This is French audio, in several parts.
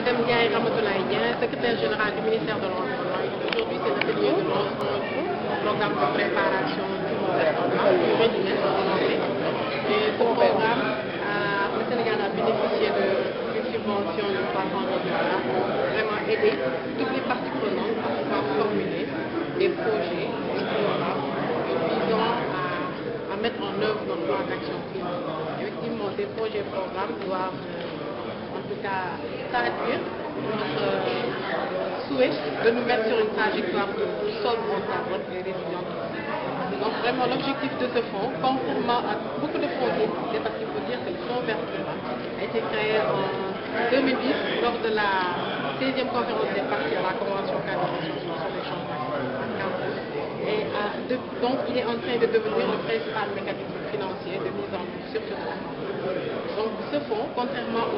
Madame Gaël Ramotolaïen, secrétaire générale du ministère de l'Environnement. Aujourd'hui, c'est lieu de lancement du programme de préparation du programme. Le Et ce programme, euh, le Sénégal a bénéficié d'une subvention de 300 dollars pour vraiment aider toutes les parties prenantes à pouvoir formuler des projets visant à, à mettre en œuvre le plan d'action climatique. Effectivement, des projets programmes doivent de cas traduire notre euh, souhait de nous mettre sur une trajectoire sobre en carbone les résidents. Donc vraiment l'objectif de ce fonds, conformément à beaucoup de fonds c'est parce qu'il faut dire que le fonds vert a été créé en 2010 lors de la 16e conférence des parties à la Convention cadre sur les changements. Et euh, donc il est en train de devenir le principal mécanisme financiers, de mise en œuvre sur ce fonds. Donc ce fonds, contrairement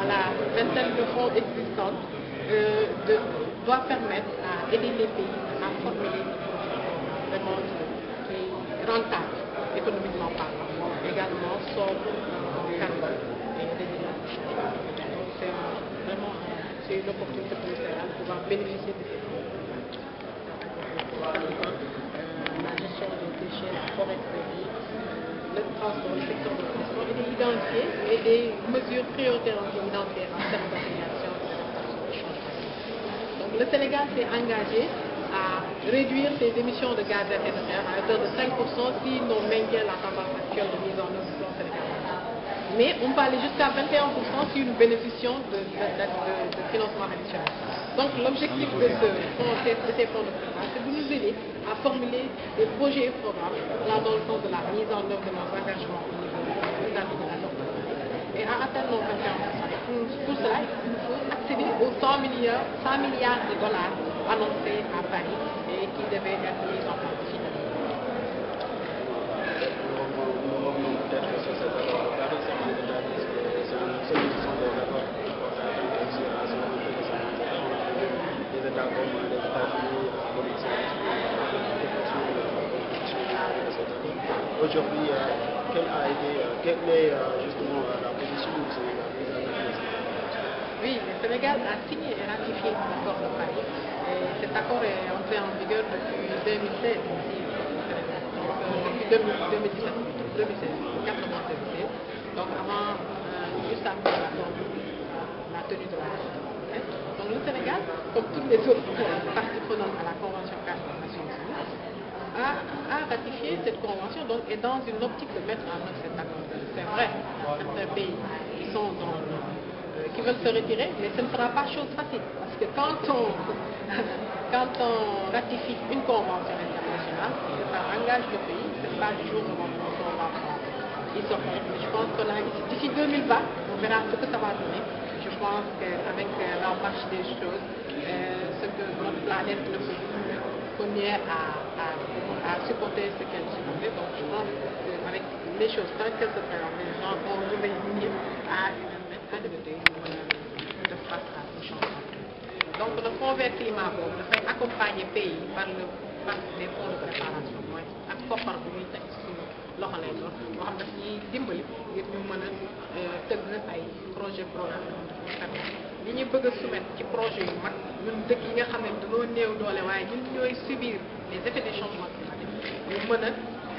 à la vingtaine de fonds existants, euh, doit permettre à aider les pays à formuler des vraiment qui est économiquement parlant, également sans en carbone et énergies. Donc c'est vraiment une opportunité pour le de pouvoir bénéficier de ces fonds. Euh, la gestion des déchets, la forêt dans le secteur de transport et des mesures et des mesures prioritaires en termes d'organisation Donc le Sénégal s'est engagé à réduire ses émissions de gaz à effet de serre à hauteur de 5% si l'on maintient la tendance actuelle de mise en œuvre du plan Sénégal mais on peut aller jusqu'à 21% si nous bénéficions de, de, de financement Donc l'objectif de, ce, de ces fonds de programme, c'est de nous aider à formuler des projets et programmes dans le sens de la mise en œuvre de nos engagements au niveau de la Et à atteindre nos 21%, pour cela, il nous faut accéder aux 100 milliards, milliards de dollars annoncés à Paris et qui devaient être mis en place. Aujourd'hui, euh, quelle a été, euh, quelle est euh, justement la position du Sénégal Oui, le Sénégal a signé et ratifié l'accord de Paris. Et cet accord est entré en vigueur depuis 2016 aussi, Depuis 2017, 2016, 4 mois Donc avant, juste avant la tenue de la fête le Sénégal, comme toutes les autres parties prenantes à la Convention cadre des Nations Unies, a, ratifié cette convention donc, et dans une optique de mettre en œuvre cet accord. C'est vrai, certains pays qui, sont euh, qui veulent se retirer, mais ce ne sera pas chose facile. Parce que quand on, quand on ratifie une convention internationale, ça engage le pays, ce n'est pas le jour où on va prendre. Je pense qu'on a d'ici 2020, on verra ce que ça va donner. Je pense qu'avec euh, la marche des choses, euh, ce que notre planète ne peut plus première à, à, à supporter ce qu'elle supportait. Donc je pense qu'avec les choses telles que se présentent, les gens vont revenir à une mentalité euh, de face à ce changement. Donc le fonds vert climat le fait accompagner le pays par le des fonds de préparation mooy ak koppar par le teg suñu qui est doon moo xam daf ñuy a tëgg projet programme xam li ñu bëgg a soumettre ci projet yu mag ñun dëkk yi nga xam ne dañoo néew doole waaye ñun ñooy subir les effets des changements climatiques ñu mën a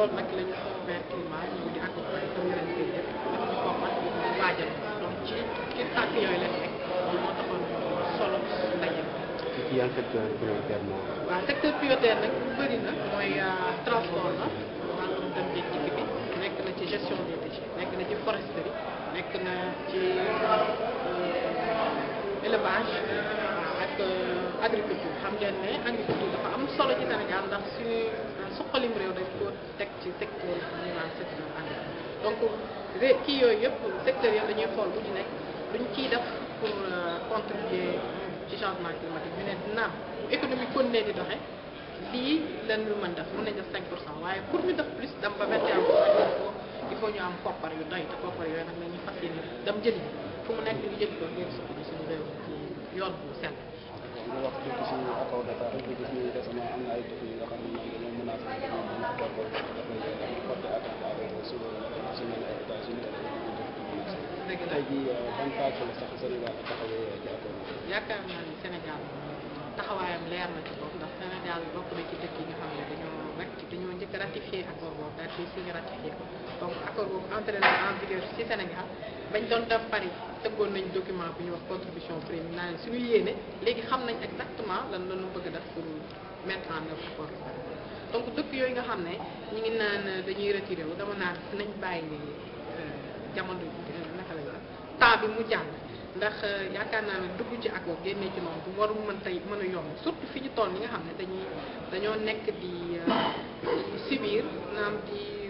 loolu nag la ñu Vert Climat ñëw di accompagner comme ren jii yëpp ndax ñu ko mën di waajal donc ci ci tànk yooyu lañ nekk loolu moo taxoon solo ndaje bi. ci ci yan secteur prioritaire moo. waaw secteur prioritaire nag bu bëri na mooy euh, transport la maanaam dem jënd dikk bi nekk na ci gestion des déchets nekk na ci foresterie nekk na ci. Euh, élevage ak euh, agriculture xam ngeen ne agriculture dafa am solo ci Sénégal ndax suñu euh, suqalim réew dañ ko teg ci secteur ñu naan secteur agricole donc kii yooyu yëpp secteurs yëpp dañuy xool bu nekk luñ ciy def pour euh, contribuer ci changement climatique ñu ne naam économie kon ne di doxe lii lan ñu mën def mën nañ def 5 pour cent waaye pour ñu def plus dem ba 21 pour il faut ñu am koppar yu doy te koppar yooyu nag la ñuy fas yéene dem jënd ku mu nekk di yëg loolu ngeen soxla suñu réew mi ci yoon bu sell. li wax tuuti si accord Dakar nga xam a toog dafay euh, Sénégal a taxawee taxawaayam leer na ci boobu ndax Sénégal bokk na ci dëkk yi xam ne dañoo rek dañoo njëkk ratifié accord boobu daal di ci Sénégal bañ doon def Paris. tëggoon nañ document bu ñu wax contribution prime naa suñu yéene léegi xam nañ exactement lan la ñu bëgg a def pour mettre en œuvre accord donc dëkk yooyu nga xam ne ñu ngi naan dañuy retiré wu dama naan nañ bàyyi euh, jamono euh, naka la mu jàll ndax euh, yaakaar naa ne dugg ci accord génnee ci noonu waru mën tey mën a yomb surtout fi ñu toll ñi nga xam ne dañuy dañoo nekk di subir naam di.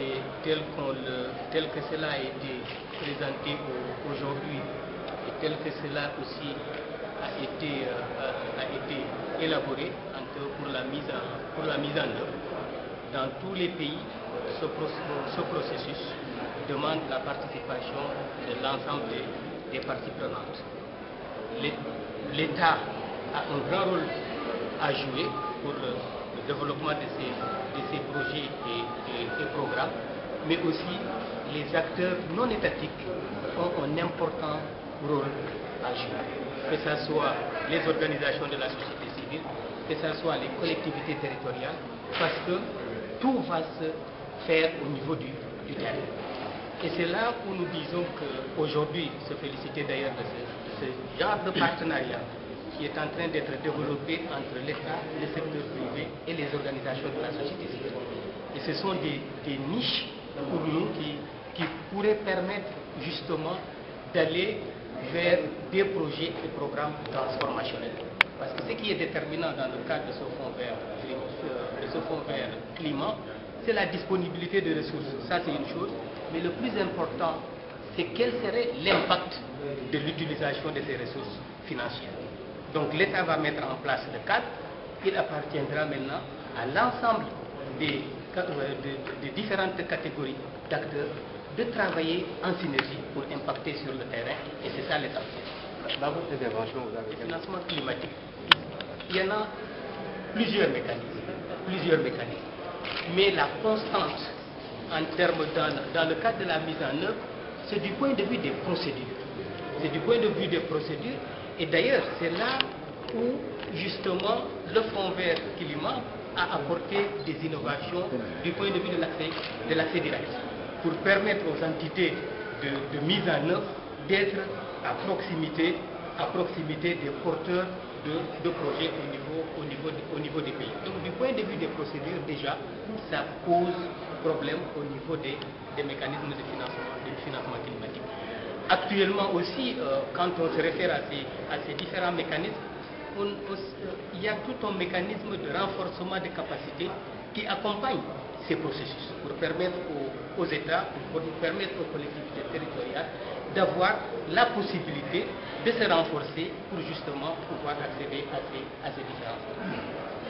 et tel, tel que cela a été présenté aujourd'hui et tel que cela aussi a été, euh, été élaboré pour la, mise en, pour la mise en œuvre, dans tous les pays, ce, processus demande la participation de l'ensemble des, des, parties prenantes. L'État a un grand rôle à jouer pour euh, développement de ces, projets et, programmes, mais aussi les acteurs non étatiques ont un important rôle à jouer, que ce soit les organisations de la société civile, que ce soit les collectivités territoriales, parce que tout va se faire au niveau du, terrain. Et c'est là où nous disons qu'aujourd'hui, se féliciter d'ailleurs de, de ce genre de partenariat qui est en train d'être développé entre l'État, le secteur privé et les organisations de la société civile. Et ce sont des, niches pour nous qui, qui pourraient permettre justement d'aller vers des projets et programmes transformationnels. Parce que ce qui est déterminant dans le cadre de ce fonds vert, euh, de ce fonds vert climat, c'est la disponibilité de ressources. Ça, c'est une chose. Mais le plus important, c'est quel serait l'impact de l'utilisation de ces ressources financières. Donc l'État va mettre en place le cadre. Il appartiendra maintenant à l'ensemble euh, des, différentes catégories d'acteurs de travailler en synergie pour impacter sur le terrain. Et c'est ça l'État. Dans votre Le financement climatique, il y en a plusieurs mécanismes. Plusieurs mécanismes. Mais la constante en termes dans, dans le cadre de la mise en œuvre, c'est du point de vue des procédures. C'est du point de vue des procédures et d'ailleurs, c'est là où justement le fonds vert climat a apporté des innovations du point de vue de l'accès direct pour permettre aux entités de, mise en œuvre d'être à proximité, à proximité des porteurs de, projets au niveau, des pays. Donc du point de vue des procédures, déjà, ça pose problème au niveau des, mécanismes de financement, de financement climatique actuellement aussi, euh, quand on se réfère à ces, différents mécanismes, euh, il y a tout un mécanisme de renforcement des capacités qui accompagne ces processus pour permettre aux, États, pour permettre aux collectivités territoriales d'avoir la possibilité de se renforcer pour justement pouvoir accéder à ces, à ces différents